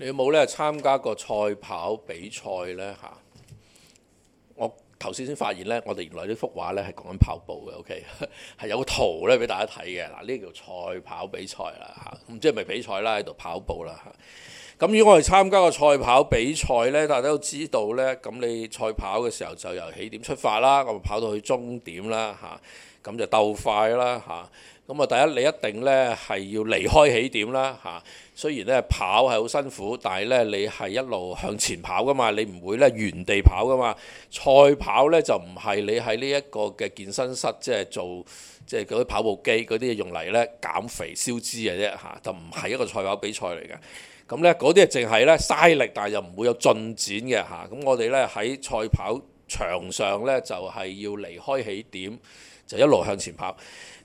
你有冇咧參加過賽跑比賽呢？嚇、啊？我頭先先發現呢，我哋原來幅畫呢幅畫呢係講緊跑步嘅，OK，係 有個圖咧俾大家睇嘅。嗱，呢叫賽跑比賽啦嚇，唔、啊、知係咪比賽啦喺度跑步啦嚇。咁、啊嗯、如果我哋參加個賽跑比賽呢，大家都知道呢，咁你賽跑嘅時候就由起點出發啦，咁跑到去終點啦嚇，咁、啊、就鬥快啦嚇。啊咁啊，第一你一定呢係要離開起點啦嚇。雖然呢跑係好辛苦，但係呢你係一路向前跑㗎嘛，你唔會呢原地跑㗎嘛。賽跑呢就唔係你喺呢一個嘅健身室即係、就是、做即係啲跑步機嗰啲用嚟呢減肥消脂嘅啫嚇，就唔係一個賽跑比賽嚟嘅。咁呢嗰啲淨係呢嘥力，但係又唔會有進展嘅嚇。咁我哋呢喺賽跑場上呢，就係要離開起點，就一路向前跑。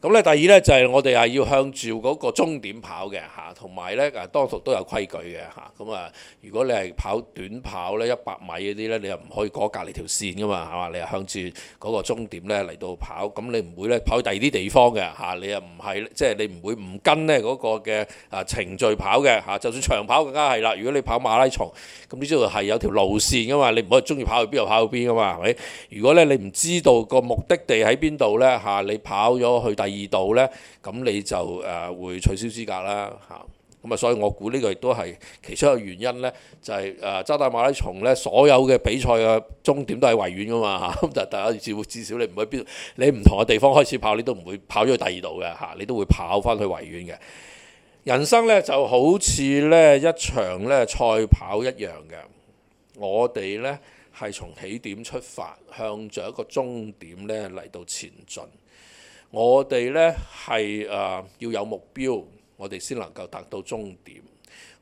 咁咧第二咧就係我哋係要向住嗰個終點跑嘅嚇，同埋咧誒當屬都有規矩嘅嚇。咁啊，如果你係跑短跑咧，一百米嗰啲咧，你又唔可以過隔離條線噶嘛嚇嘛，你又向住嗰個終點咧嚟到跑，咁你唔會咧跑去第二啲地方嘅嚇、啊。你又唔係即係你唔會唔跟呢嗰個嘅啊程序跑嘅嚇、啊。就算長跑更加係啦，如果你跑馬拉松，咁呢度係有條路線噶嘛，你唔可以鍾意跑去邊度，跑去邊噶嘛係咪？如果咧你唔知道個目的地喺邊度咧嚇，你跑咗去第二二度咧，咁你就誒、呃、會取消資格啦嚇。咁啊，所以我估呢個亦都係其中一個原因呢就係、是、誒、呃、渣打馬拉松呢所有嘅比賽嘅終點都喺維園噶嘛咁就、啊、但係至少至少你唔會邊，你唔同嘅地方開始跑，你都唔會跑咗去第二度嘅嚇，你都會跑返去維園嘅。人生呢就好似呢一場咧賽跑一樣嘅，我哋呢係從起點出發，向著一個終點呢嚟到前進。我哋呢係要有目標，我哋先能夠達到終點。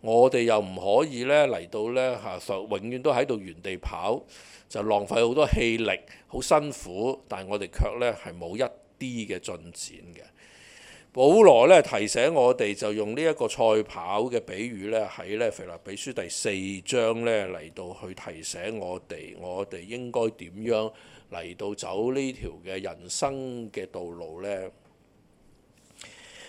我哋又唔可以呢嚟到呢，嚇，永遠都喺度原地跑，就浪費好多氣力，好辛苦，但係我哋卻呢係冇一啲嘅進展嘅。保羅呢，提醒我哋就用呢一個賽跑嘅比喻呢，喺呢腓立比書第四章呢，嚟到去提醒我哋，我哋應該點樣嚟到走呢條嘅人生嘅道路呢？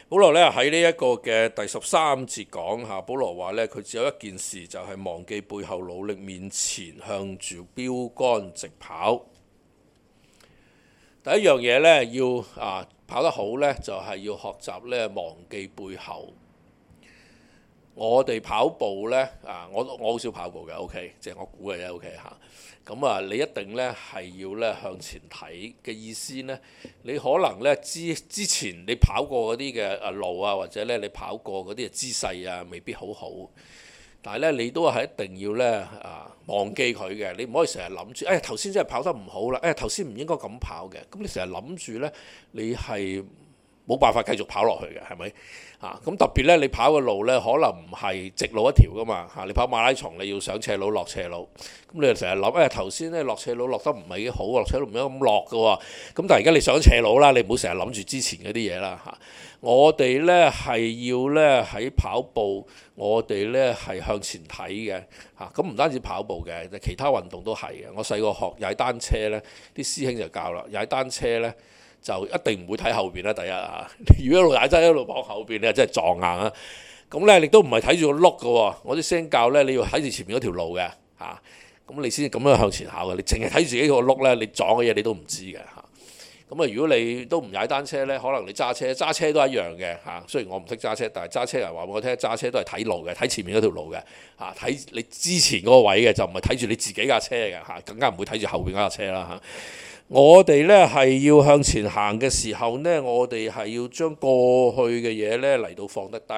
保羅呢，喺呢一個嘅第十三節講吓，保羅話呢，佢只有一件事，就係忘記背後，努力面前，向住標竿直跑。第一樣嘢呢要啊。跑得好呢，就係、是、要學習呢，忘記背後。我哋跑步呢，啊，我我好少跑步嘅，OK，即係我估嘅啫，OK 嚇。咁啊，你一定呢，係要呢，向前睇嘅意思呢。你可能呢，之之前你跑過嗰啲嘅路啊，或者呢，你跑過嗰啲嘅姿勢啊，未必好好。但係咧，你都係一定要咧啊，忘記佢嘅，你唔可以成日諗住，誒頭先真係跑得唔好啦，誒頭先唔應該咁跑嘅，咁你成日諗住咧，你係。冇辦法繼續跑落去嘅，係咪啊？咁特別呢，你跑嘅路呢，可能唔係直路一條噶嘛嚇、啊。你跑馬拉松，你要上斜路落斜路。咁你又成日諗，誒頭先呢，落斜路落得唔係幾好啊，落斜路唔應該咁落嘅喎、啊。咁、啊、但係而家你上斜路啦，你唔好成日諗住之前嗰啲嘢啦嚇。我哋呢係要呢，喺跑步，我哋呢係向前睇嘅嚇。咁、啊、唔、啊啊啊、單止跑步嘅，其他運動都係嘅。我細個學踩單車呢，啲師兄就教啦，踩單車呢。就一定唔會睇後邊啦！第一啊，如果你一路踩車一路望後邊，你係真係撞硬啊！咁呢，你都唔係睇住個碌嘅喎。我啲聲教呢，你要睇住前面嗰條路嘅嚇，咁、啊、你先咁樣向前行嘅。你淨係睇住自己個碌呢，你撞嘅嘢你都唔知嘅嚇。咁啊、嗯，如果你都唔踩單車呢，可能你揸車揸車都一樣嘅嚇、啊。雖然我唔識揸車，但係揸車人話畀我聽揸車都係睇路嘅，睇前面嗰條路嘅嚇，睇、啊、你之前嗰個位嘅，就唔係睇住你自己架車嘅嚇、啊，更加唔會睇住後邊架車啦嚇。啊啊啊啊我哋呢係要向前行嘅時候呢，我哋係要將過去嘅嘢呢嚟到放得低。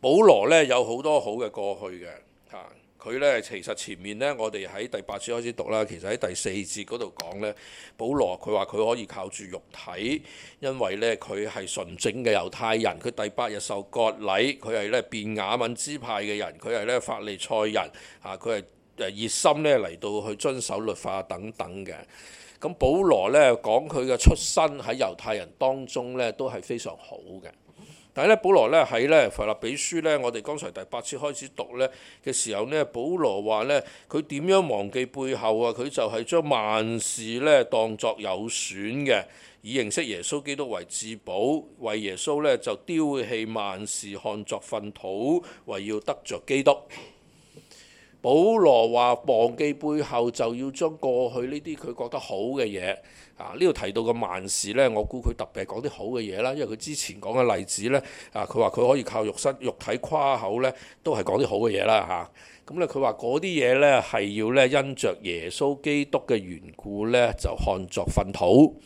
保羅呢有好多好嘅過去嘅嚇，佢呢其實前面呢，我哋喺第八節開始讀啦，其實喺第四節嗰度講呢，保羅佢話佢可以靠住肉體，因為呢，佢係純正嘅猶太人，佢第八日受割禮，佢係呢便雅憫支派嘅人，佢係呢法利賽人，嚇佢係。誒熱心咧嚟到去遵守律法等等嘅，咁、嗯、保羅咧講佢嘅出身喺猶太人當中咧都係非常好嘅。但係咧保羅咧喺咧腓立比書咧，我哋剛才第八次開始讀咧嘅時候咧，保羅話咧佢點樣忘記背後啊，佢就係將萬事咧當作有損嘅，以認識耶穌基督為至寶，為耶穌咧就丟棄萬事看作糞土，為要得着基督。保羅話忘記背後就要將過去呢啲佢覺得好嘅嘢啊，呢度提到嘅萬事呢，我估佢特別係講啲好嘅嘢啦，因為佢之前講嘅例子呢，啊，佢話佢可以靠肉身、肉體誇口呢，都係講啲好嘅嘢啦嚇。咁、啊嗯、呢，佢話嗰啲嘢呢，係要呢因着耶穌基督嘅緣故呢，就看作糞土。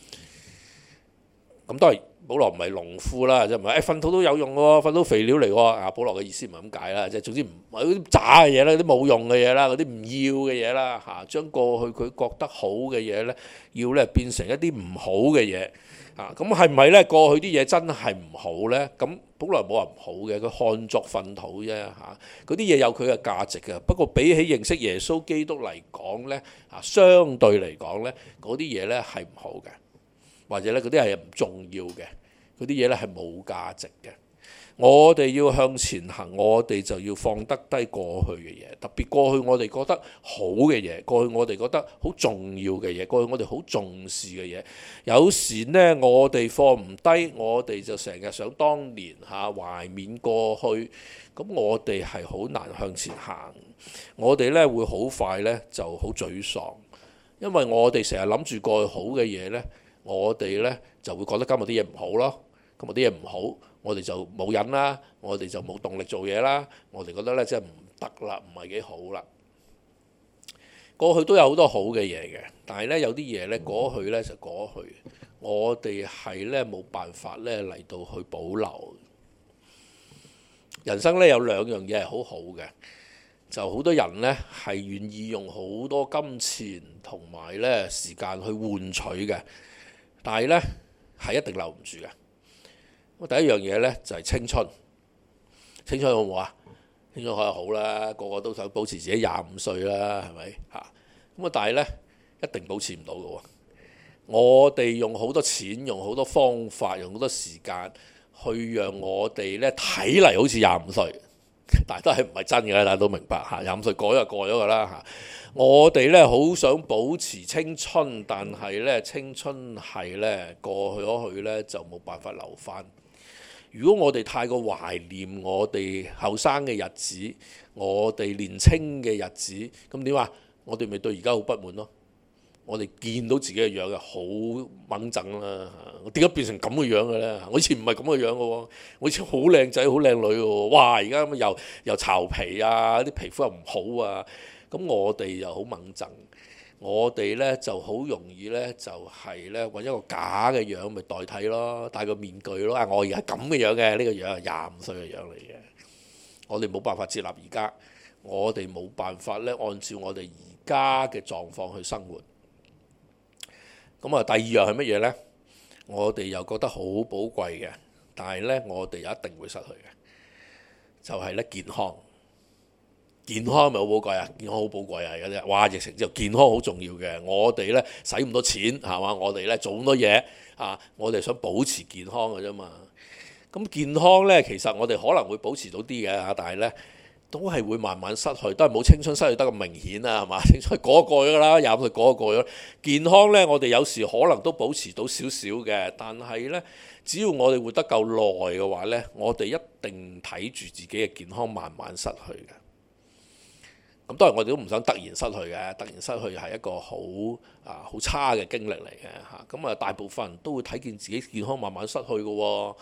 咁都係。保羅唔係農夫啦，即係唔係？誒、哎，糞土都有用喎，糞土肥料嚟喎。啊，保羅嘅意思唔係咁解啦，即係總之唔係嗰啲渣嘅嘢啦，啲冇用嘅嘢啦，嗰啲唔要嘅嘢啦，嚇，將過去佢覺得好嘅嘢呢，要呢變成一啲唔好嘅嘢，嚇、啊，咁係唔係咧？過去啲嘢真係唔好呢？咁保羅冇話唔好嘅，佢看作糞土啫，嚇、啊，嗰啲嘢有佢嘅價值嘅。不過比起認識耶穌基督嚟講呢，嚇、啊，相對嚟講呢，嗰啲嘢呢係唔好嘅。或者呢，嗰啲係唔重要嘅，嗰啲嘢呢，係冇價值嘅。我哋要向前行，我哋就要放得低過去嘅嘢。特別過去我哋覺得好嘅嘢，過去我哋覺得好重要嘅嘢，過去我哋好重視嘅嘢。有時呢，我哋放唔低，我哋就成日想當年嚇、啊、懷緬過去。咁我哋係好難向前行。我哋呢，會好快呢，就好沮喪，因為我哋成日諗住過去好嘅嘢呢。我哋呢就會覺得今日啲嘢唔好咯。今日啲嘢唔好，我哋就冇忍啦，我哋就冇動力做嘢啦。我哋覺得呢即係唔得啦，唔係幾好啦。過去都有好多好嘅嘢嘅，但係呢，有啲嘢呢，過去呢就過去。我哋係呢冇辦法呢嚟到去保留。人生呢有兩樣嘢係好好嘅，就好多人呢係願意用好多金錢同埋呢時間去換取嘅。但係呢係一定留唔住嘅。咁第一樣嘢呢就係青春，青春好唔好啊？青春可以好啦，個個都想保持自己廿五歲啦，係咪？咁啊，但係呢，一定保持唔到嘅喎。我哋用好多錢，用好多方法，用好多時間，去讓我哋呢睇嚟好似廿五歲。但都係唔係真嘅啦，大家都明白吓，廿五歲過咗就過咗噶啦吓。我哋呢好想保持青春，但係呢青春係呢過咗去，去呢，就冇辦法留返。如果我哋太過懷念我哋後生嘅日子，我哋年青嘅日子，咁點啊？我哋咪對而家好不滿咯。我哋見到自己嘅樣嘅好掹憎啦！我點解變成咁嘅樣嘅咧？我以前唔係咁嘅樣嘅喎、啊，我以前好靚仔、好靚女喎、啊。哇！而家咁又又巢皮啊，啲皮膚又唔好啊。咁我哋又好掹憎，我哋咧就好容易咧就係咧揾一個假嘅樣咪代替咯，戴個面具咯。啊，我而係咁嘅樣嘅呢、這個樣係廿五歲嘅樣嚟嘅。我哋冇辦法接納而家，我哋冇辦法咧按照我哋而家嘅狀況去生活。咁啊，第二樣係乜嘢呢？我哋又覺得好寶貴嘅，但係呢，我哋又一定會失去嘅，就係呢：健康。健康咪好寶貴啊！健康好寶貴啊！而家啲，哇疫情之後，健康好重要嘅。我哋呢，使咁多錢係嘛？我哋呢，做咁多嘢啊！我哋想保持健康嘅啫嘛。咁健康呢，其實我哋可能會保持到啲嘅，但係呢。都係會慢慢失去，都係冇青春失去得咁明顯啊，係嘛？青春過咗啦，又去過咗，健康呢，我哋有時可能都保持到少少嘅，但係呢，只要我哋活得夠耐嘅話呢，我哋一定睇住自己嘅健康慢慢失去嘅。咁當然我哋都唔想突然失去嘅，突然失去係一個好啊好差嘅經歷嚟嘅嚇。咁啊，大部分人都會睇見自己健康慢慢失去嘅喎。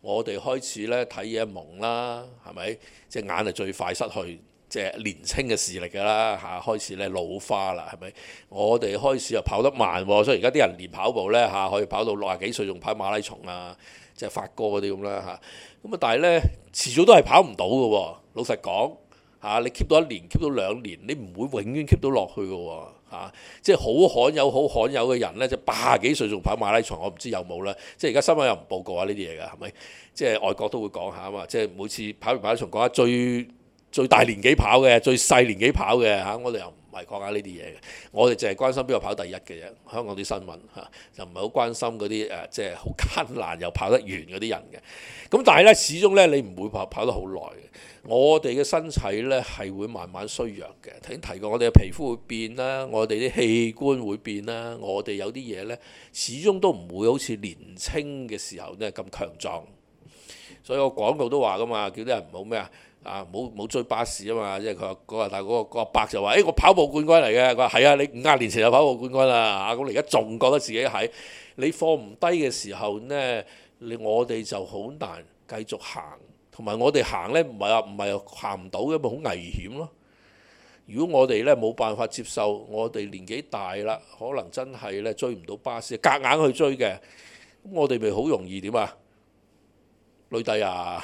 我哋開始咧睇嘢蒙啦，係咪？隻眼係最快失去即係年青嘅視力㗎啦，嚇開始咧老花啦，係咪？我哋開始又跑得慢，所以而家啲人連跑步咧嚇，可以跑到六十幾歲仲跑馬拉松啊，即係發哥嗰啲咁啦嚇。咁啊，但係咧遲早都係跑唔到嘅喎。老實講嚇，你 keep 到一年，keep 到兩年，你唔會永遠 keep 到落去嘅喎。嚇、啊！即係好罕有、好罕有嘅人呢，就八十幾歲仲跑馬拉松，我唔知有冇啦。即係而家新聞又唔報告啊，呢啲嘢噶係咪？即係外國都會講下啊嘛。即係每次跑完馬拉松講下最最大年紀跑嘅、最細年紀跑嘅嚇、啊，我哋又提下呢啲嘢嘅，我哋淨係關心邊個跑第一嘅啫。香港啲新聞嚇、啊、就唔係好關心嗰啲誒，即係好艱難又跑得完嗰啲人嘅。咁、啊、但係呢，始終呢，你唔會跑跑得好耐嘅。我哋嘅身體呢，係會慢慢衰弱嘅。頭先提過，我哋嘅皮膚會變啦，我哋啲器官會變啦，我哋有啲嘢呢，始終都唔會好似年青嘅時候呢咁強壯。所以我廣告都話噶嘛，叫啲人唔好咩啊？啊！冇冇追巴士啊嘛，即係佢話佢嗰個阿、那個那個、伯就話，誒、欸、我跑步冠軍嚟嘅，佢話係啊，你五廿年前就跑步冠軍啦嚇，咁你而家仲覺得自己係？你放唔低嘅時候呢，你我哋就好難繼續行，同埋我哋行呢，唔係啊，唔係行唔到嘅嘛，好危險咯。如果我哋呢冇辦法接受，我哋年紀大啦，可能真係呢追唔到巴士，隔硬去追嘅，我哋咪好容易點啊？女帝啊！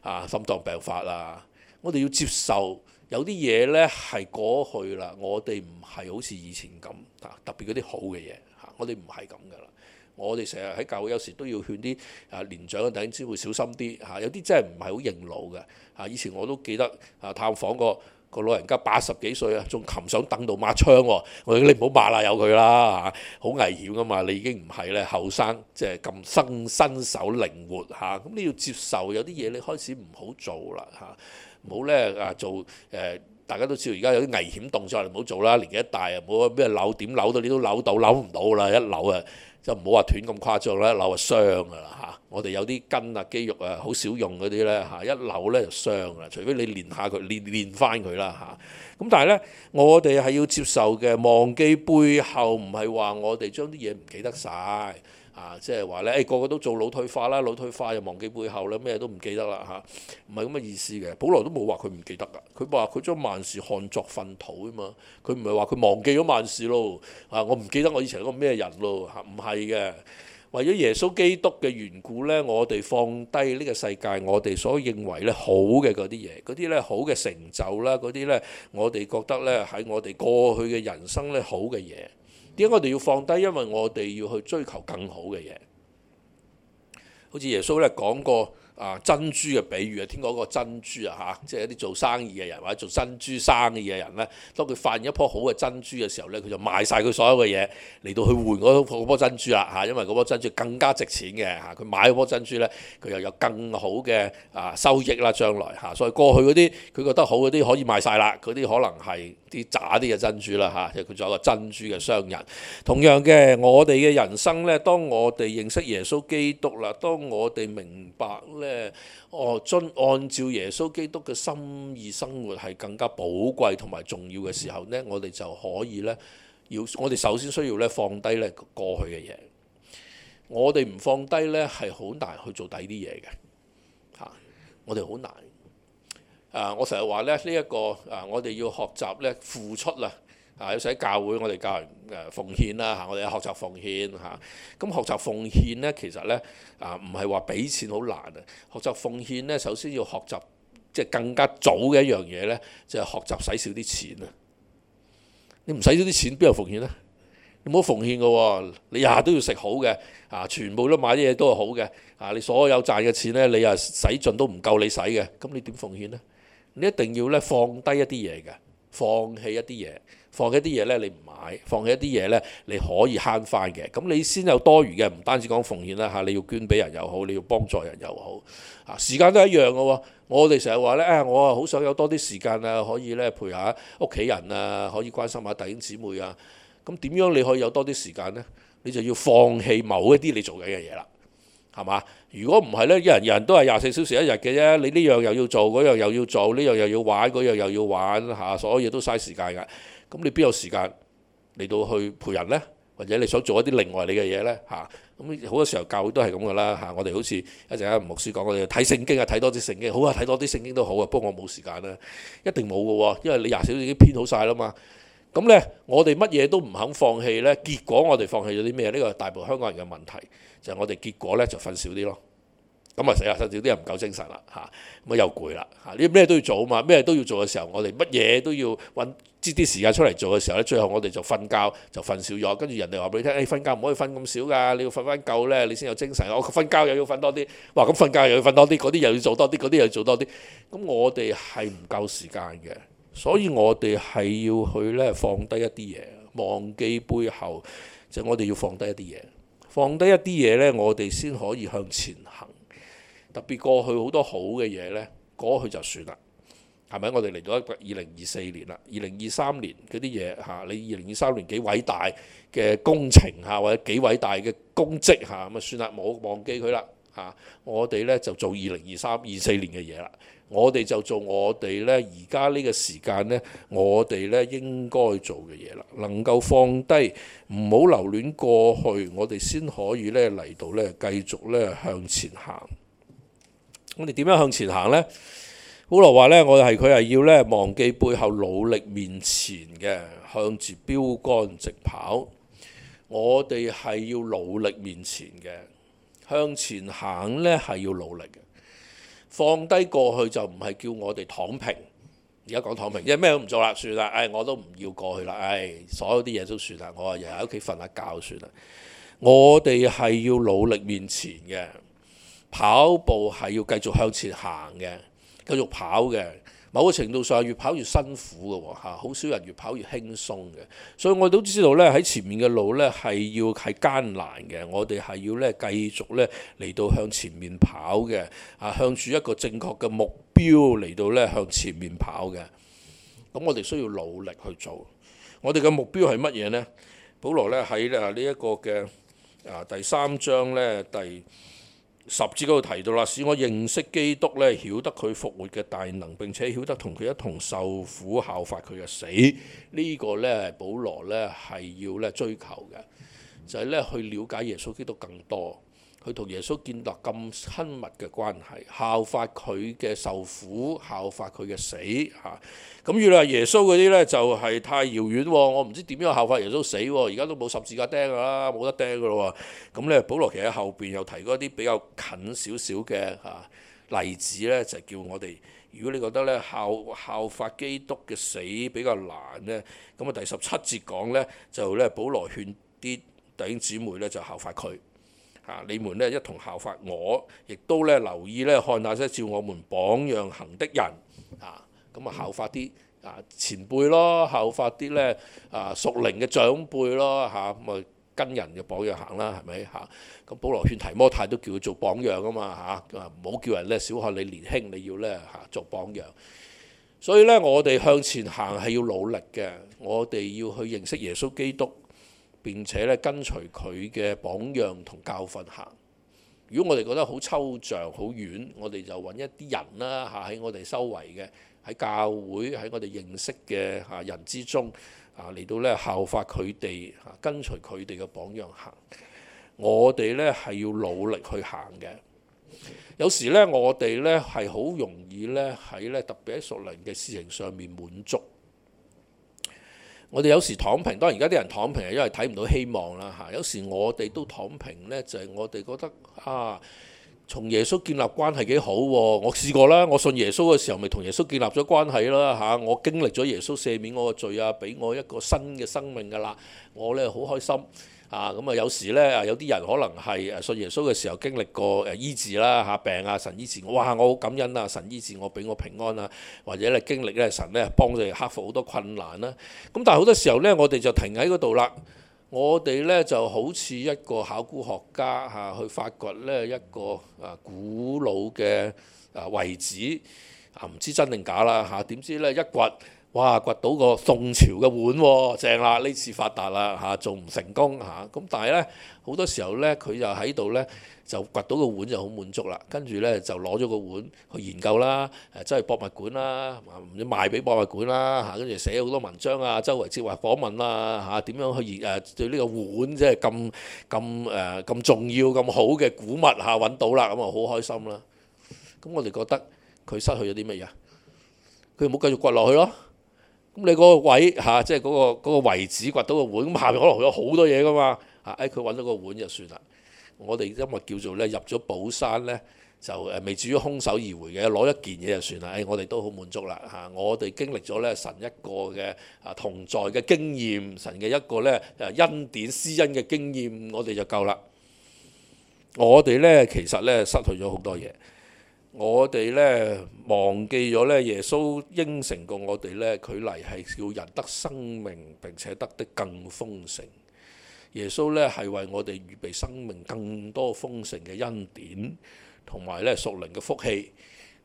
啊，心臟病發啊！我哋要接受有啲嘢呢係過去啦。我哋唔係好似以前咁嚇，特別嗰啲好嘅嘢嚇，我哋唔係咁噶啦。我哋成日喺教會有時都要勸啲啊年長嘅弟兄姊妹小心啲嚇，有啲真係唔係好認老嘅嚇。以前我都記得啊，探訪過。個老人家八十幾歲啊，仲擒上凳度抹槍喎！我話你唔好抹啦，有佢啦嚇，好危險噶嘛！你已經唔係咧，後生即係咁身身手靈活嚇，咁、啊、你要接受有啲嘢你開始唔好做啦嚇，唔好咧啊，呢啊做誒、呃，大家都知道而家有啲危險動作，你唔好做啦！年紀一大啊，唔好咩扭點扭到你都扭到扭唔到啦，一扭啊！就唔好話斷咁誇張啦，扭就傷噶啦嚇。我哋有啲筋啊肌肉啊，好少用嗰啲呢嚇，一扭呢就傷啦。除非你練下佢，練練翻佢啦嚇。咁、啊、但係呢，我哋係要接受嘅，忘記背後唔係話我哋將啲嘢唔記得晒。啊，即係話呢，誒、哎、個個都做老退化啦，老退化又忘記背後啦，咩都唔記得啦嚇，唔係咁嘅意思嘅。保羅都冇話佢唔記得㗎，佢話佢將萬事看作糞土啊嘛，佢唔係話佢忘記咗萬事咯，啊我唔記得我以前個咩人咯，唔係嘅。為咗耶穌基督嘅緣故呢，我哋放低呢個世界，我哋所認為咧好嘅嗰啲嘢，嗰啲咧好嘅成就啦，嗰啲呢，我哋覺得呢，喺我哋過去嘅人生呢，好嘅嘢。點解我哋要放低？因為我哋要去追求更好嘅嘢，好似耶穌咧講過。啊珍珠嘅比喻啊，聽講嗰個珍珠啊嚇，即係一啲做生意嘅人或者做珍珠生意嘅人呢。當佢發現一樖好嘅珍珠嘅時候呢，佢就賣晒佢所有嘅嘢嚟到去換嗰嗰樖珍珠啦嚇、啊，因為嗰樖珍珠更加值錢嘅嚇，佢、啊、買嗰樖珍珠呢，佢又有更好嘅啊收益啦將來嚇，所以過去嗰啲佢覺得好嗰啲可以賣晒啦，嗰啲可能係啲渣啲嘅珍珠啦嚇，佢、啊啊、做一個珍珠嘅商人。同樣嘅，我哋嘅人生呢，當我哋認識耶穌基督啦，當我哋明白。哦遵按照耶穌基督嘅心意生活係更加寶貴同埋重要嘅時候呢、嗯、我哋就可以呢，要我哋首先需要呢放低呢過去嘅嘢，我哋唔放低呢係好難去做第啲嘢嘅嚇，我哋好難我成日話呢，呢一個啊，我哋、啊這個啊、要學習呢付出啦。啊！有時喺教會，我哋教人奉獻啦嚇、啊。我哋學習奉獻嚇，咁、啊、學習奉獻呢，其實呢，啊，唔係話俾錢好難啊。學習奉獻呢，首先要學習即係更加早嘅一樣嘢呢，就係、是、學習使少啲錢啊！你唔使少啲錢，邊有奉獻呢？你冇奉獻嘅喎、啊，你日日都要食好嘅啊，全部買都買啲嘢都係好嘅啊。你所有賺嘅錢呢，你啊使盡都唔夠你使嘅，咁你點奉獻呢？你一定要呢，放低一啲嘢嘅，放棄一啲嘢。放棄一啲嘢呢，你唔買；放棄一啲嘢呢，你可以慳返嘅。咁你先有多餘嘅，唔單止講奉獻啦嚇，你要捐俾人又好，你要幫助人又好啊。時間都一樣嘅喎。我哋成日話呢，啊、哎，我啊好想有多啲時間啊，可以呢，陪下屋企人啊，可以關心下弟兄姊妹啊。咁點樣你可以有多啲時間呢？你就要放棄某一啲你做緊嘅嘢啦，係嘛？如果唔係呢，一人人都係廿四小時一日嘅啫。你呢樣又要做，嗰樣又要做，呢樣又要玩，嗰樣又要玩嚇，所有嘢都嘥時間㗎。咁你邊有時間嚟到去陪人呢？或者你想做一啲另外你嘅嘢呢？嚇、啊？咁好多時候教會都係咁噶啦嚇，我哋好似一陣間牧師講，我哋睇聖經啊，睇多啲聖經，好啊，睇多啲聖經都好啊，不過我冇時間啦、啊，一定冇嘅喎，因為你廿小已經編好晒啦嘛。咁、啊、呢，我哋乜嘢都唔肯放棄呢？結果我哋放棄咗啲咩？呢、這個大部分香港人嘅問題就係、是、我哋結果呢，就瞓少啲咯。咁啊，死啦！甚少啲人唔夠精神啦，嚇，咁啊又攰啦嚇。你咩都要做啊嘛，咩都要做嘅時候，我哋乜嘢都要揾擠啲時間出嚟做嘅時候咧，最後我哋就瞓覺就瞓少咗。跟住人哋話俾你聽，誒、哎、瞓覺唔可以瞓咁少㗎，你要瞓翻夠咧，你先有精神。我瞓覺又要瞓多啲，哇！咁瞓覺又要瞓多啲，嗰啲又要做多啲，嗰啲又要做多啲。咁我哋係唔夠時間嘅，所以我哋係要去咧放低一啲嘢，忘記背後就是、我哋要放低一啲嘢，放低一啲嘢咧，我哋先可以向前行。特別過去好多好嘅嘢呢，過去就算啦。係咪？我哋嚟到一個二零二四年啦，二零二三年嗰啲嘢嚇，你二零二三年幾偉大嘅工程嚇，或者幾偉大嘅功績嚇，咁啊算啦，冇忘記佢啦嚇。我哋呢就做二零二三二四年嘅嘢啦。我哋就做我哋呢而家呢個時間呢，我哋呢應該做嘅嘢啦，能夠放低唔好留戀過去，我哋先可以呢嚟到呢繼續呢向前行。我哋點樣向前行呢？古羅話呢，我係佢係要呢，忘記背後努力面前嘅，向住標竿直跑。我哋係要努力面前嘅，向前行呢係要努力嘅。放低過去就唔係叫我哋躺平。而家講躺平，即咩都唔做啦，算啦，唉，我都唔要過去啦，唉，所有啲嘢都算啦，我啊日日喺屋企瞓下覺算啦。我哋係要努力面前嘅。跑步係要繼續向前行嘅，繼續跑嘅。某個程度上，越跑越辛苦嘅喎，好少人越跑越輕鬆嘅。所以我都知道呢，喺前面嘅路呢，係要係艱難嘅，我哋係要呢，繼續呢，嚟到向前面跑嘅，嚇、啊、向住一個正確嘅目標嚟到呢，向前面跑嘅。咁我哋需要努力去做。我哋嘅目標係乜嘢呢？保羅呢，喺呢一個嘅、啊、第三章呢。第十字嗰度提到啦，使我認識基督呢，曉得佢復活嘅大能，並且曉得同佢一同受苦效法佢嘅死。呢、這個呢，保羅呢，係要咧追求嘅，就係呢：去了解耶穌基督更多。佢同耶穌建立咁親密嘅關係，效法佢嘅受苦，效法佢嘅死嚇。咁原來耶穌嗰啲呢，就係、是、太遙遠，我唔知點樣效法耶穌死，而家都冇十字架釘啦，冇得釘噶啦。咁、啊、呢，保羅其實後邊又提過一啲比較近少少嘅例子呢，就是、叫我哋，如果你覺得呢，效效法基督嘅死比較難呢，咁啊第十七節講呢，就呢，保羅勸啲弟兄姊妹呢，就效法佢。啊！你們咧一同效法我，亦都咧留意咧看那些照我們榜樣行的人，啊！咁啊效法啲啊前輩咯，效法啲咧啊屬靈嘅長輩咯，嚇咁啊跟人嘅榜樣行啦，係咪嚇？咁保羅勸提摩太都叫做榜樣啊嘛嚇，唔、嗯、好叫人咧小看你年輕，你要咧嚇做榜樣。所以呢，我哋向前行係要努力嘅，我哋要去認識耶穌基督。並且咧，跟隨佢嘅榜樣同教訓行。如果我哋覺得好抽象、好遠，我哋就揾一啲人啦、啊、嚇，喺我哋周圍嘅，喺教會、喺我哋認識嘅嚇人之中，嚇、啊、嚟到呢，效法佢哋嚇，跟隨佢哋嘅榜樣行。我哋呢係要努力去行嘅。有時呢，我哋呢係好容易呢，喺咧特別喺熟練嘅事情上面滿足。我哋有時躺平，當然而家啲人躺平係因為睇唔到希望啦嚇、啊。有時我哋都躺平呢就係、是、我哋覺得啊。從耶穌建立關係幾好喎、啊？我試過啦，我信耶穌嘅時候，咪同耶穌建立咗關係啦嚇、啊。我經歷咗耶穌赦免我個罪啊，俾我一個新嘅生命㗎啦。我呢好開心啊！咁、嗯、啊，有時呢，有啲人可能係信耶穌嘅時候經歷過誒醫治啦嚇、啊、病啊，神醫治，我哇！我好感恩啊，神醫治我，俾我平安啊。或者咧經歷呢神呢幫你克服好多困難啦、啊。咁、嗯、但係好多時候呢，我哋就停喺嗰度啦。我哋呢就好似一個考古學家嚇，去發掘呢一個古老嘅啊遺址啊，唔知真定假啦嚇。點知呢一掘，哇，掘到個宋朝嘅碗喎，正啦，呢次發達啦嚇，仲唔成功嚇。咁但係呢，好多時候呢，佢就喺度呢。就掘到個碗就好滿足啦，跟住呢就攞咗個碗去研究啦，誒，即係博物館啦，賣俾博物館啦，嚇，跟住寫好多文章啊，周圍接觸訪問啦，嚇，點樣去研究誒對呢個碗即係咁咁誒咁重要咁好嘅古物嚇揾到啦，咁啊好開心啦。咁我哋覺得佢失去咗啲乜嘢？佢唔好繼續掘落去咯。咁你嗰個位嚇，即係嗰個嗰個遺址掘到個碗，咁下面可能有好多嘢噶嘛。嚇，誒，佢揾到個碗就算啦。我哋因為叫做咧入咗寶山呢就未至於空手而回嘅，攞一件嘢就算啦、哎。我哋都好滿足啦嚇！我哋經歷咗咧神一個嘅啊同在嘅經驗，神嘅一個咧恩典施恩嘅經驗，我哋就夠啦。我哋呢其實呢，失去咗好多嘢，我哋呢，忘記咗呢耶穌應承過我哋呢，佢嚟係叫人得生命並且得的更豐盛。.耶穌呢係為我哋預備生命更多豐盛嘅恩典，同埋呢，屬靈嘅福氣。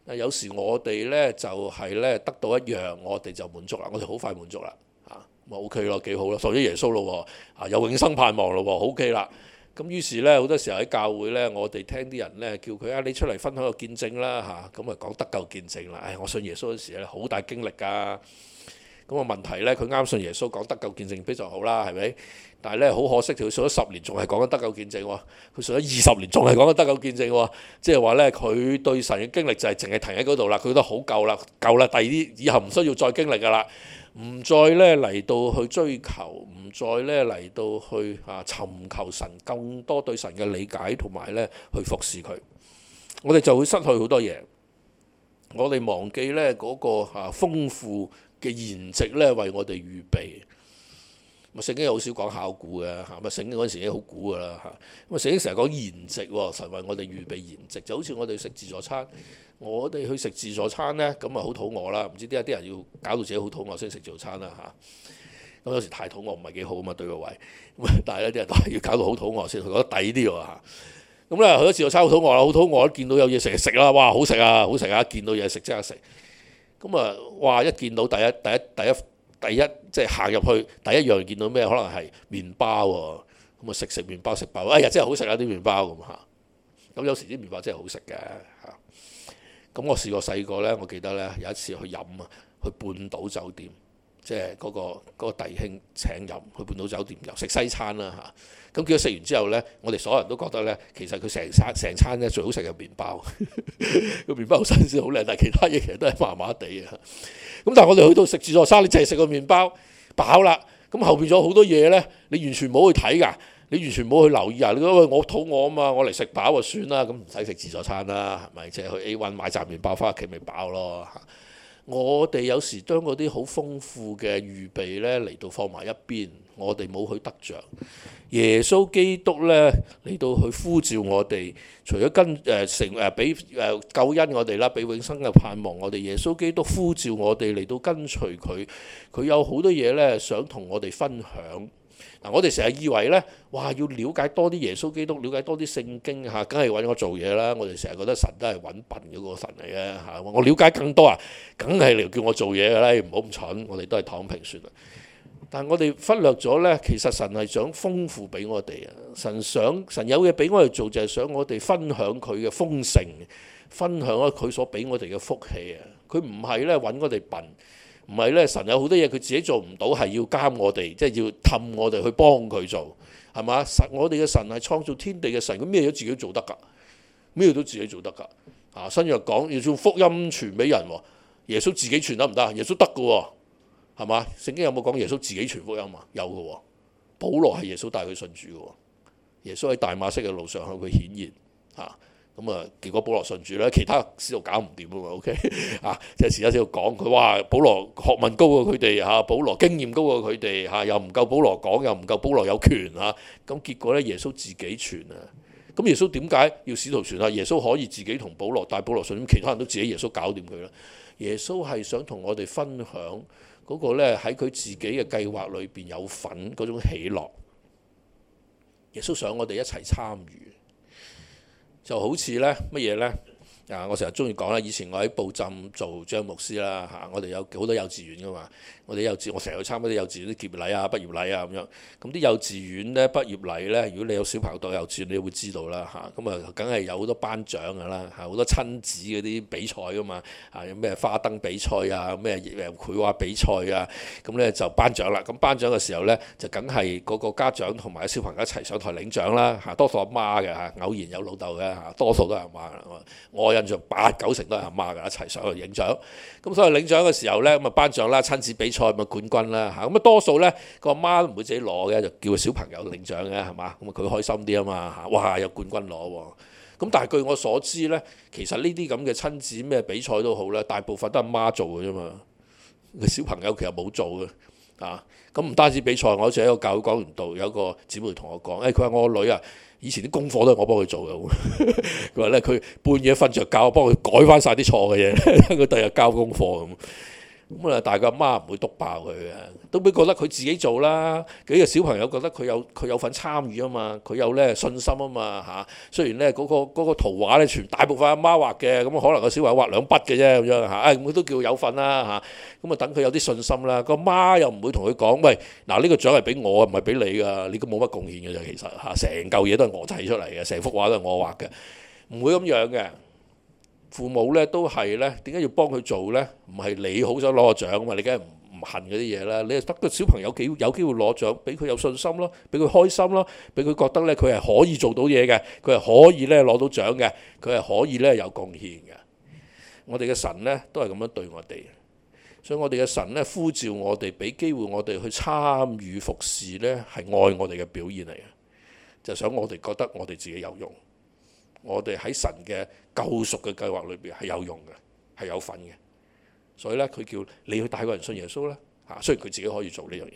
有時我哋呢，就係呢，得到一樣，我哋就滿足啦，我哋好快滿足啦。嚇，啊 OK 咯，幾好咯，屬於耶穌咯。啊，有、啊、永生盼望咯。OK、啊、啦。咁、啊、於是呢，好多時候喺教會呢，我哋聽啲人呢，叫佢啊，你出嚟分享個見證啦嚇，咁啊講得救見證啦。唉、啊，我信耶穌嗰時好大經歷㗎。咁個問題呢，佢啱信耶穌講得救見證非常好啦，係咪？但係呢，好可惜，佢上咗十年仲係講得救見證喎，佢上咗二十年仲係講得救見證喎，即係話呢，佢對神嘅經歷就係淨係停喺嗰度啦，佢覺得好夠啦，夠啦，第二啲以後唔需要再經歷㗎啦，唔再呢嚟到去追求，唔再呢嚟到去啊尋求神更多對神嘅理解同埋呢去服侍佢，我哋就會失去好多嘢，我哋忘記呢嗰個啊豐富。嘅筵席咧，為我哋預備。咪聖經好少講考古嘅嚇，咪聖經嗰陣時已經好古噶啦嚇。咪聖經成日講筵席喎，神為我哋預備筵席，就好似我哋食自助餐。我哋去食自助餐呢，咁啊好肚餓啦，唔知點解啲人要搞到自己好肚餓先食自助餐啦嚇。咁、啊嗯、有時太肚餓唔係幾好啊嘛，對個胃。咁但係呢啲人都係要搞到好肚餓先佢覺得抵啲喎嚇。咁咧、啊、去咗自助餐好肚餓啦，好肚餓都見到有嘢食，食啦，哇，好食啊好食啊，見到嘢食即刻食。咁啊，哇！一見到第一、第一、第一、第一，即係行入去第一樣見到咩？可能係麵包喎。咁啊，食食麵包食包，哎呀，真係好食啊，啲麵包咁嚇。咁、啊、有時啲麵包真係好食嘅嚇。咁、啊、我試過細個呢，我記得呢，有一次去飲啊，去半島酒店。即係嗰個弟兄請飲，去半島酒店又食西餐啦、啊、嚇。咁、啊、結果食完之後呢，我哋所有人都覺得呢，其實佢成餐成餐咧最好食嘅麵包，個 麵包好新鮮好靚，但係其他嘢其實都係麻麻地啊。咁但係我哋去到食自助餐，你淨係食個麵包飽啦。咁、啊、後面仲有好多嘢呢，你完全冇去睇㗎，你完全冇去留意啊。你覺得我肚餓啊嘛，我嚟食飽就算啊算啦，咁唔使食自助餐啦，係咪？即係去 A One 買炸麵包返屋企咪飽咯。我哋有時將嗰啲好豐富嘅預備咧嚟到放埋一邊，我哋冇去得着。耶穌基督咧嚟到去呼召我哋，除咗跟、呃、成、呃、俾、呃、救恩我哋啦，俾永生嘅盼望我哋。耶穌基督呼召我哋嚟到跟隨佢，佢有好多嘢呢，想同我哋分享。嗱，我哋成日以為呢，哇，要了解多啲耶穌基督，了解多啲聖經嚇，梗係揾我做嘢啦！我哋成日覺得神都係揾笨嗰個神嚟嘅嚇，我了解更多啊，梗係嚟叫我做嘢嘅啦！唔好咁蠢，我哋都係躺平算啦。但係我哋忽略咗呢，其實神係想豐富俾我哋啊！神想，神有嘢俾我哋做，就係想我哋分享佢嘅豐盛，分享佢所俾我哋嘅福氣啊！佢唔係呢，揾我哋笨。唔係咧，神有好多嘢佢自己做唔到，係要監我哋，即係要氹我哋去幫佢做，係嘛？神，我哋嘅神係創造天地嘅神，佢咩嘢都自己做得㗎，咩嘢都自己做得㗎。新約講要做福音傳俾人，耶穌自己傳得唔得？耶穌得㗎，係嘛？聖經有冇講耶穌自己傳福音啊？有㗎。保羅係耶穌帶佢信主㗎。耶穌喺大馬色嘅路上向佢顯現啊。咁啊，結果保羅信主咧，其他使徒搞唔掂啊嘛，OK 啊， 即係時而喺度講佢話，保羅學問高過佢哋嚇，保羅經驗高過佢哋嚇，又唔夠保羅講，又唔夠保羅有權嚇。咁、啊、結果呢，耶穌自己傳啊。咁耶穌點解要使徒傳啊？耶穌可以自己同保羅，帶保羅信，咁其他人都自己耶穌搞掂佢啦。耶穌係想同我哋分享嗰個咧喺佢自己嘅計劃裏邊有份嗰種喜樂。耶穌想我哋一齊參與。就好似呢乜嘢呢？啊，我成日鍾意講啦，以前我喺布浸做張牧師啦，嚇、啊，我哋有好多幼稚園㗎嘛。我哋幼稚 Korean，啊，我成日去參加啲幼稚園啲結業禮啊、畢業禮啊咁樣。咁啲幼稚園咧畢業禮咧，如果你有小朋友到幼稚園，你會知道啦嚇。咁啊，梗係有好多頒獎㗎啦，嚇，好多親子嗰啲比賽㗎嘛。嚇，有咩花燈比賽啊、咩誒繪畫比賽啊，咁咧就頒獎啦。咁頒獎嘅時候咧，就梗係嗰個家長同埋小朋友一齊上台領獎啦。嚇，多數阿媽嘅嚇，偶然有老豆嘅嚇，多數都係阿媽。我印象八九成都係阿媽㗎，一齊上去領獎。咁所以領獎嘅時候咧，咁啊頒獎啦，親子比賽。賽咪冠軍啦嚇，咁啊多數呢個阿媽都唔會自己攞嘅，就叫個小朋友領獎嘅係嘛，咁啊佢開心啲啊嘛嚇，哇有冠軍攞喎，咁但係據我所知呢，其實呢啲咁嘅親子咩比賽都好啦，大部分都係媽做嘅啫嘛，小朋友其實冇做嘅啊。咁唔單止比賽，我好似喺個教會講完道，有個姊妹同我講，佢、哎、話我個女啊，以前啲功課都係我幫佢做嘅，佢 話呢，佢半夜瞓着覺幫佢改翻晒啲錯嘅嘢，等 佢第日交功課咁。咁啊，大個阿媽唔會督爆佢嘅，都俾覺得佢自己做啦。幾個小朋友覺得佢有佢有份參與啊嘛，佢有咧信心嘛啊嘛嚇。雖然咧、那、嗰個嗰、那個圖畫咧全大部分阿媽畫嘅，咁可能個小朋友畫兩筆嘅啫咁樣嚇，誒、啊、咁、哎、都叫有份啦、啊、嚇。咁啊、嗯、等佢有啲信心啦。個媽又唔會同佢講喂，嗱、啊、呢、這個獎係俾我唔係俾你㗎，你都冇乜貢獻㗎啫。其實嚇，成嚿嘢都係我製出嚟嘅，成幅畫都係我畫嘅，唔會咁樣嘅。父母呢都係呢點解要幫佢做呢？唔係你好想攞個獎嘛？你梗係唔唔恨嗰啲嘢啦。你係得個小朋友幾有機會攞獎，俾佢有信心咯，俾佢開心咯，俾佢覺得呢，佢係可以做到嘢嘅，佢係可以呢攞到獎嘅，佢係可以呢，可以呢有貢獻嘅。我哋嘅神呢都係咁樣對我哋，所以我哋嘅神呢呼召我哋，俾機會我哋去參與服侍呢係愛我哋嘅表現嚟嘅，就係，想我哋覺得我哋自己有用。我哋喺神嘅救贖嘅計劃裏邊係有用嘅，係有份嘅，所以咧，佢叫你去帶個人信耶穌啦，吓，雖然佢自己可以做呢樣嘢。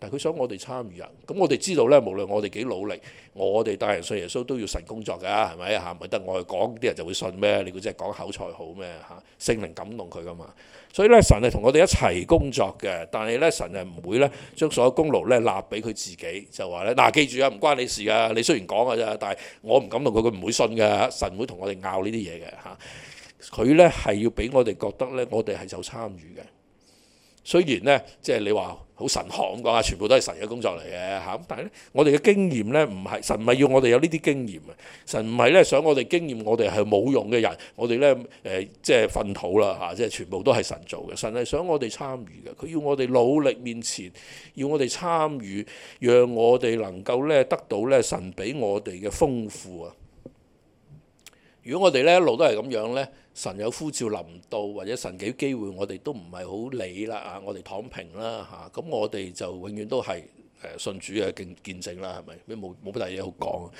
但係佢想我哋參與啊！咁我哋知道呢，無論我哋幾努力，我哋帶人信耶穌都要神工作㗎，係咪啊？唔係得我哋講，啲人就會信咩？你估真係講口才好咩？嚇、啊，聖靈感動佢㗎嘛。所以呢，神係同我哋一齊工作嘅。但係呢，神係唔會呢將所有功勞呢立俾佢自己，就話呢：啊「嗱，記住啊，唔關你事㗎、啊。你雖然講㗎咋，但係我唔感動佢，佢唔會信㗎。神會同我哋拗、啊、呢啲嘢嘅嚇。佢呢係要俾我哋覺得呢，我哋係受參與嘅。雖然呢，即係你話好神學咁講啊，全部都係神嘅工作嚟嘅嚇。但係呢，我哋嘅經驗呢，唔係神唔係要我哋有呢啲經驗啊。神唔係呢，想我哋經驗，我哋係冇用嘅人。我哋呢，即係糞土啦嚇，即係全部都係神做嘅。神係想我哋參與嘅，佢要我哋努力面前，要我哋參與，讓我哋能夠呢，得到呢神俾我哋嘅豐富啊。如果我哋呢一路都係咁樣呢。神有呼召臨到，或者神幾機會，我哋都唔係好理啦啊，啊！我哋躺平啦嚇，咁我哋就永遠都係誒信主嘅見見證啦，係咪？咩冇冇乜大嘢好講？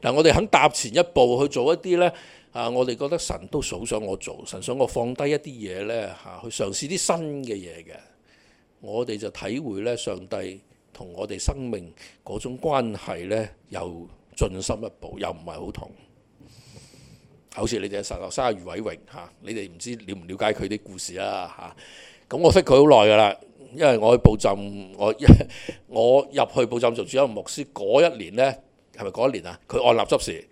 但我哋肯踏前一步去做一啲呢。啊，我哋覺得神都賞賞我做，神想我放低一啲嘢呢，嚇、啊，去嘗試啲新嘅嘢嘅，我哋就體會呢上帝同我哋生命嗰種關係呢又進深一步，又唔係好同。好似你哋神學家余偉榮嚇、啊，你哋唔知了唔了解佢啲故事啊。嚇。咁我識佢好耐㗎啦，因為我去布浸，我我入去布浸做主任牧師嗰一年呢，係咪嗰一年啊？佢按立執事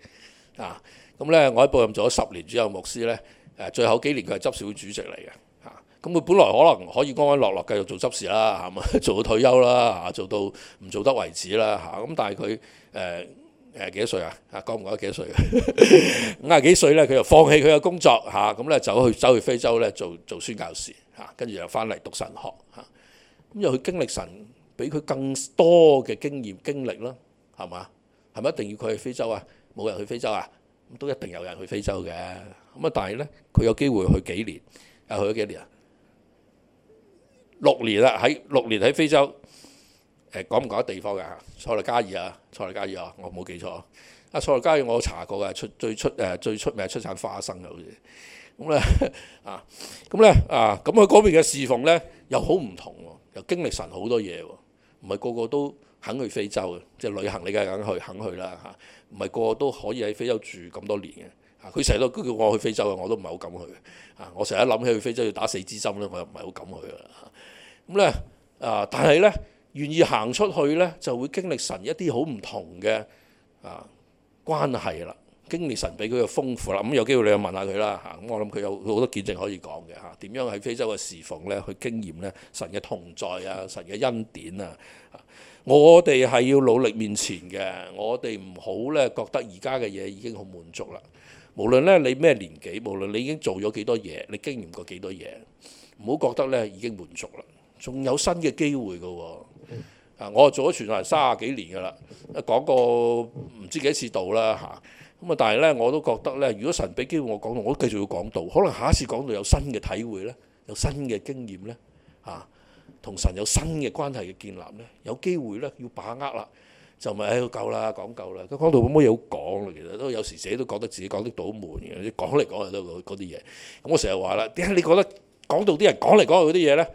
咁呢，啊、我喺布浸做咗十年主任牧師呢，最後幾年佢係執事會主席嚟嘅嚇。咁、啊、佢本來可能可以安安樂樂繼續做執事啦，係、啊、嘛、啊，做到退休啦，嚇、啊、做到唔做得為止啦嚇。咁、啊、但係佢誒幾多歲啊？啊講唔講得幾多歲？五十幾歲咧？佢就放棄佢嘅工作嚇，咁咧走去走去非洲咧做做宣教士嚇，跟住又翻嚟讀神學嚇。咁又佢經歷神俾佢更多嘅經驗經歷啦，係嘛？係咪一定要佢去非洲啊？冇人去非洲啊？咁都一定有人去非洲嘅。咁啊，但係咧，佢有機會去幾年？又去咗幾年啊？六年啦，喺六年喺非洲誒，講唔講得地方嘅嚇？塞內加爾啊，塞內加爾啊，我冇記錯。阿塞內加爾，我查過嘅，出最出誒最出名出產花生嘅，好似。咁咧啊，咁咧啊，咁佢嗰邊嘅侍奉咧，又好唔同喎、啊，又經歷神好多嘢喎、啊。唔係個個都肯去非洲嘅，即係旅行你梗係梗去肯去啦嚇。唔、啊、係個個都可以喺非洲住咁多年嘅。啊，佢成日都叫我去非洲嘅，我都唔係好敢去。啊，我成日一諗起去非洲要打死支針咧，我又唔係好敢去啦。咁、啊、咧啊，但係咧。願意行出去呢，就會經歷神一啲好唔同嘅啊關係啦。經歷神俾佢嘅豐富啦，咁、嗯、有機會你去問下佢啦嚇。咁、啊、我諗佢有好多見證可以講嘅嚇。點、啊、樣喺非洲嘅侍奉呢去經驗呢神嘅同在啊，神嘅恩典啊。我哋係要努力面前嘅，我哋唔好呢覺得而家嘅嘢已經好滿足啦。無論呢你咩年紀，無論你已經做咗幾多嘢，你經驗過幾多嘢，唔好覺得呢已經滿足啦，仲有新嘅機會噶。啊！我做咗傳道人三十幾年㗎啦，講過唔知幾多次道啦嚇。咁啊，但係呢，我都覺得呢，如果神俾機會我講道，我都繼續要講道。可能下一次講到有新嘅體會呢，有新嘅經驗呢，同、啊、神有新嘅關係嘅建立呢，有機會呢，要把握啦。就唔係夠啦，講夠啦，都講到冇乜嘢好講。其實都有時自己都覺得自己講得倒悶嘅，講嚟講去都嗰啲嘢。咁我成日話啦，點解你覺得講道啲人講嚟講去嗰啲嘢呢？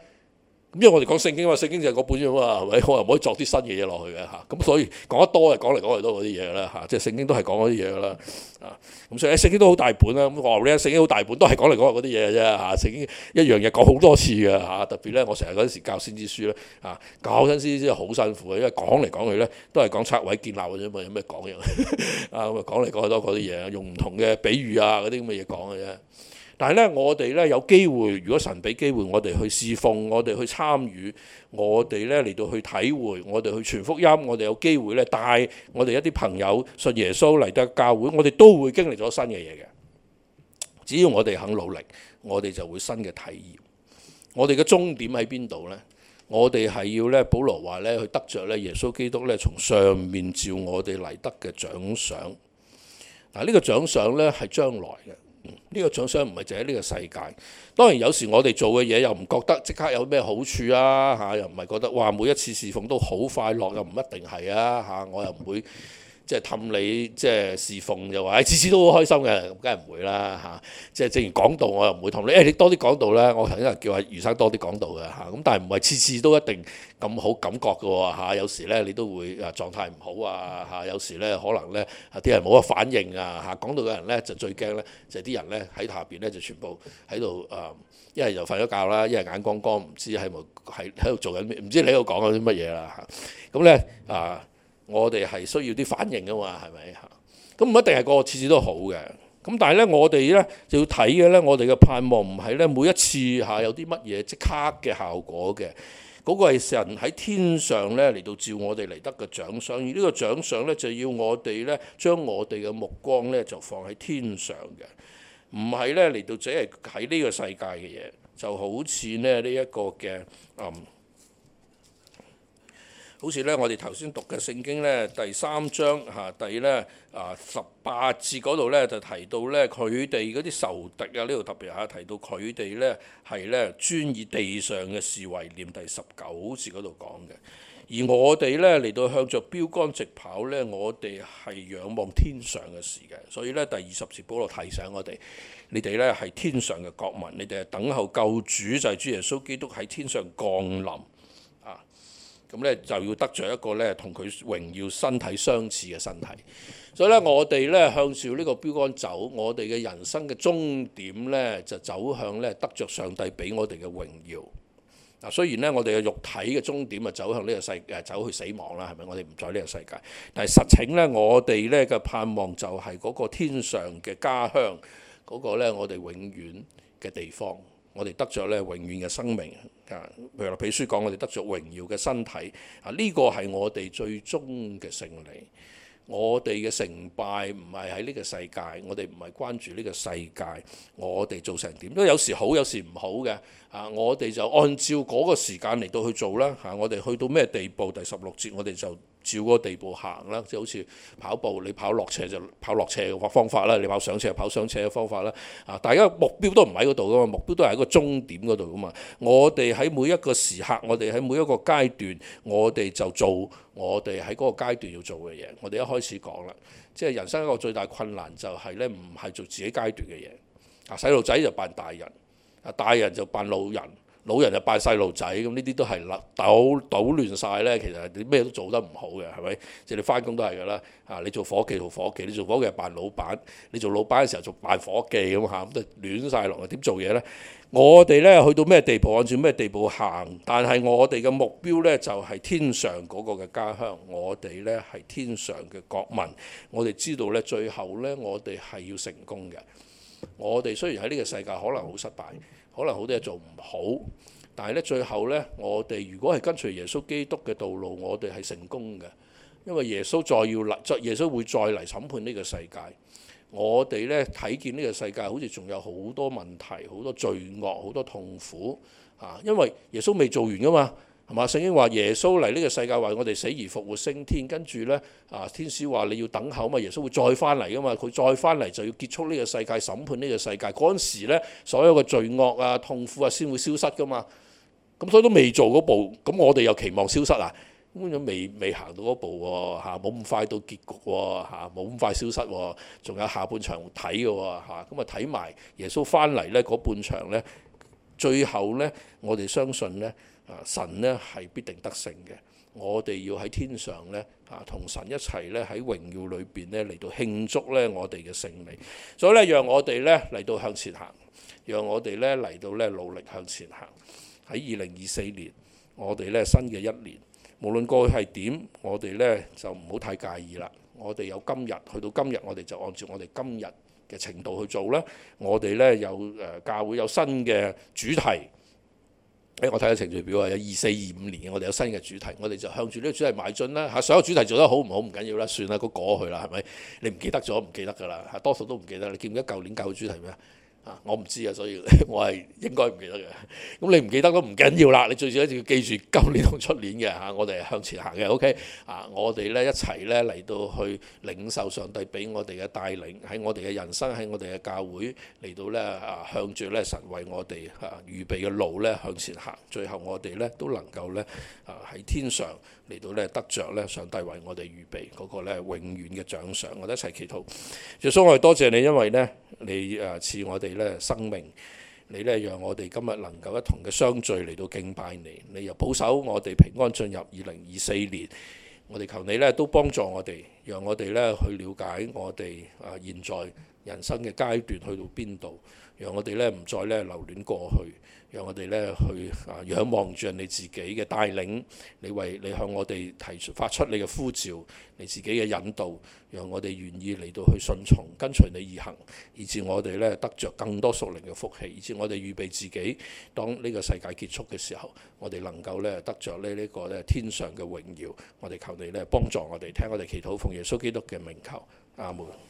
因為我哋講聖經啊嘛，聖經就係嗰本啫嘛，係咪？可唔可以作啲新嘅嘢落去嘅嚇？咁、啊、所以講得多就講嚟講去多嗰啲嘢啦嚇，即係聖經都係講嗰啲嘢啦。咁、啊、所以聖、哎、經都好大本啦，咁我話你啊，聖經好大本，都係講嚟講去嗰啲嘢啫嚇。聖、啊、經一樣嘢講好多次嘅嚇、啊，特別咧，我成日嗰陣時教先知書咧啊，教先知先知好辛苦嘅，因為講嚟講去咧都係講拆毀建立嗰啲嘛，有咩講咁啊，講嚟講去多嗰啲嘢，用唔同嘅比喻啊嗰啲咁嘅嘢講嘅啫。但係咧，我哋咧有機會，如果神俾機會我哋去侍奉，我哋去參與，我哋咧嚟到去體會，我哋去傳福音，我哋有機會咧帶我哋一啲朋友信耶穌嚟得教會，我哋都會經歷咗新嘅嘢嘅。只要我哋肯努力，我哋就會新嘅體驗。我哋嘅終點喺邊度呢？我哋係要咧，保羅話咧，去得着咧，耶穌基督咧，從上面召我哋嚟得嘅獎賞。嗱、這個，呢個獎賞咧係將來嘅。呢、嗯，呢個獎賞唔係就喺呢個世界，當然有時我哋做嘅嘢又唔覺得即刻有咩好處啊嚇、啊，又唔係覺得哇，每一次侍奉都好快樂，又唔一定係啊嚇、啊，我又唔會。即係氹你，即係侍奉就話，是，誒次次都好開心嘅，咁梗係唔會啦嚇。即，啊，係正如講道，我又唔會氹你。誒，欸，你多啲講道咧，我曾經叫阿余生多啲講道嘅嚇。咁，啊，但係唔係次次都一定咁好感覺嘅喎，啊啊，有時咧你都會誒，啊，狀態唔好啊嚇，啊。有時咧可能咧啊啲人冇乜反應啊嚇，啊。講道嘅人咧就最驚咧就啲，是、人咧喺下邊咧就全部喺度誒，一係就瞓咗覺啦，一係眼光光，唔知係咪喺喺度做緊咩，唔知，知你喺度講緊啲乜嘢啦嚇。咁咧啊。啊啊啊啊啊啊我哋係需要啲反應㗎嘛，係咪吓？咁唔一定係個個次次都好嘅。咁但係呢，我哋呢就要睇嘅呢，我哋嘅盼望唔係呢每一次吓、啊、有啲乜嘢即刻嘅效果嘅。嗰、那個係神喺天上呢嚟到照我哋嚟得嘅獎賞，而呢個獎賞呢就要我哋呢將我哋嘅目光呢就放喺天上嘅，唔係呢嚟到只係喺呢個世界嘅嘢。就好似呢呢一、這個嘅好似呢，我哋頭先讀嘅聖經呢，第三章嚇第咧啊十八節嗰度呢，就提到，提到呢，佢哋嗰啲仇敵啊，呢度特別嚇提到佢哋呢，係呢，專以地上嘅事為念，第十九節嗰度講嘅。而我哋呢，嚟到向着標竿直跑呢，我哋係仰望天上嘅事嘅。所以呢，第二十節保羅提醒我哋，你哋呢，係天上嘅國民，你哋係等候救主，就係、是、主耶穌基督喺天上降臨。咁呢，就要得着一個呢同佢榮耀身體相似嘅身體，所以呢，我哋呢向住呢個標竿走，我哋嘅人生嘅終點呢，就走向呢得着上帝俾我哋嘅榮耀。嗱，雖然呢，我哋嘅肉體嘅終點啊走向呢個世誒走去死亡啦，係咪？我哋唔在呢個世界，但係實情呢，我哋呢嘅盼望就係嗰個天上嘅家鄉，嗰個呢我哋永遠嘅地方，我哋得着呢永遠嘅生命。譬如話，彼得書講我哋得着榮耀嘅身體，啊，呢個係我哋最終嘅勝利。我哋嘅勝敗唔係喺呢個世界，我哋唔係關注呢個世界，我哋做成點？因為有時好，有時唔好嘅，啊，我哋就按照嗰個時間嚟到去做啦。嚇，我哋去到咩地步？第十六節，我哋就，照嗰個地步行啦，即係好似跑步，你跑落斜就跑落斜嘅方法啦；你跑上斜跑上斜嘅方法啦。啊，大家目標都唔喺嗰度噶嘛，目標都係喺個終點嗰度噶嘛。我哋喺每一個時刻，我哋喺每一個階段，我哋就做我哋喺嗰個階段要做嘅嘢。我哋一開始講啦，即係人生一個最大困難就係呢：唔係做自己階段嘅嘢。啊，細路仔就扮大人，啊，大人就扮老人。老人就拜細路仔，咁呢啲都係攪攪亂晒。呢其實你咩都做得唔好嘅，係咪？即係你翻工都係㗎啦。啊，你做伙計做伙計，你做伙計又扮老闆，你做老闆嘅時候就做扮伙計咁嚇，咁就亂曬落嚟。點做嘢呢？我哋呢去到咩地步，按照咩地步行。但係我哋嘅目標呢，就係天上嗰個嘅家鄉。我哋呢係天上嘅國民。我哋知道呢，最後呢，我哋係要成功嘅。我哋雖然喺呢個世界可能好失敗。可能好多嘢做唔好，但係呢最後呢，我哋如果係跟隨耶穌基督嘅道路，我哋係成功嘅，因為耶穌再要嚟，耶穌會再嚟審判呢個世界。我哋呢，睇見呢個世界好似仲有好多問題、好多罪惡、好多痛苦啊，因為耶穌未做完㗎嘛。同埋聖經話耶穌嚟呢個世界，為我哋死而復活、升天。跟住呢，啊天使話你要等候啊嘛，耶穌會再返嚟噶嘛。佢再返嚟就要結束呢個世界、審判呢個世界。嗰陣時咧，所有嘅罪惡啊、痛苦啊，先會消失噶嘛。咁所以都未做嗰步，咁我哋又期望消失啊？咁樣未未行到步喎，冇咁快到結局喎、啊，冇咁快消失喎、啊，仲有下半場睇嘅喎，咁啊睇埋耶穌返嚟呢嗰半場呢？最後呢，我哋相信呢。啊、神呢係必定得勝嘅，我哋要喺天上呢，啊，同神一齊呢，喺榮耀裏邊呢，嚟到慶祝呢我哋嘅勝利。所以呢，讓我哋呢嚟到向前行，讓我哋呢嚟到呢，嚟到呢努力向前行。喺二零二四年，我哋呢新嘅一年，無論過去係點，我哋呢就唔好太介意啦。我哋有今日，去到今日，我哋就按照我哋今日嘅程度去做啦。我哋呢有誒、呃、教會有新嘅主題。誒、哎，我睇下程序表啊，有二四、二五年我哋有新嘅主題，我哋就向住呢個主題邁進啦。嚇，所有主題做得好唔好唔緊要啦，算啦，都過去啦，係咪？你唔記得咗唔記得㗎啦？嚇，多數都唔記得。你記唔記得舊年舊主題咩？啊！我唔知啊，所以我係應該唔記得嘅。咁 你唔記得都唔緊要啦。你最少一定要記住舊年同出年嘅嚇。我哋係向前行嘅。O.K. 啊！我哋咧一齊咧嚟到去領受上帝俾我哋嘅帶領，喺我哋嘅人生，喺我哋嘅教會嚟到咧啊，向住咧神為我哋嚇、啊、預備嘅路咧向前行。最後我哋咧都能夠咧啊喺天上嚟到咧得着咧上帝為我哋預備嗰、那個咧永遠嘅獎賞。我哋一齊祈禱。耶穌，我哋多謝你，因為咧，你誒賜我哋咧生命，你咧讓我哋今日能夠一同嘅相聚嚟到敬拜你，你又保守我哋平安進入二零二四年，我哋求你咧都幫助我哋，讓我哋咧去了解我哋啊現在人生嘅階段去到邊度，讓我哋咧唔再咧留戀過去。讓我哋咧去啊仰望住你自己嘅帶領，你為你向我哋提出發出你嘅呼召，你自己嘅引導，讓我哋願意嚟到去順從，跟隨你而行，以致我哋咧得着更多屬靈嘅福氣，以致我哋預備自己，當呢個世界結束嘅時候，我哋能夠咧得着呢呢個咧天上嘅榮耀。我哋求你咧幫助我哋，聽我哋祈禱，奉耶穌基督嘅名求，阿門。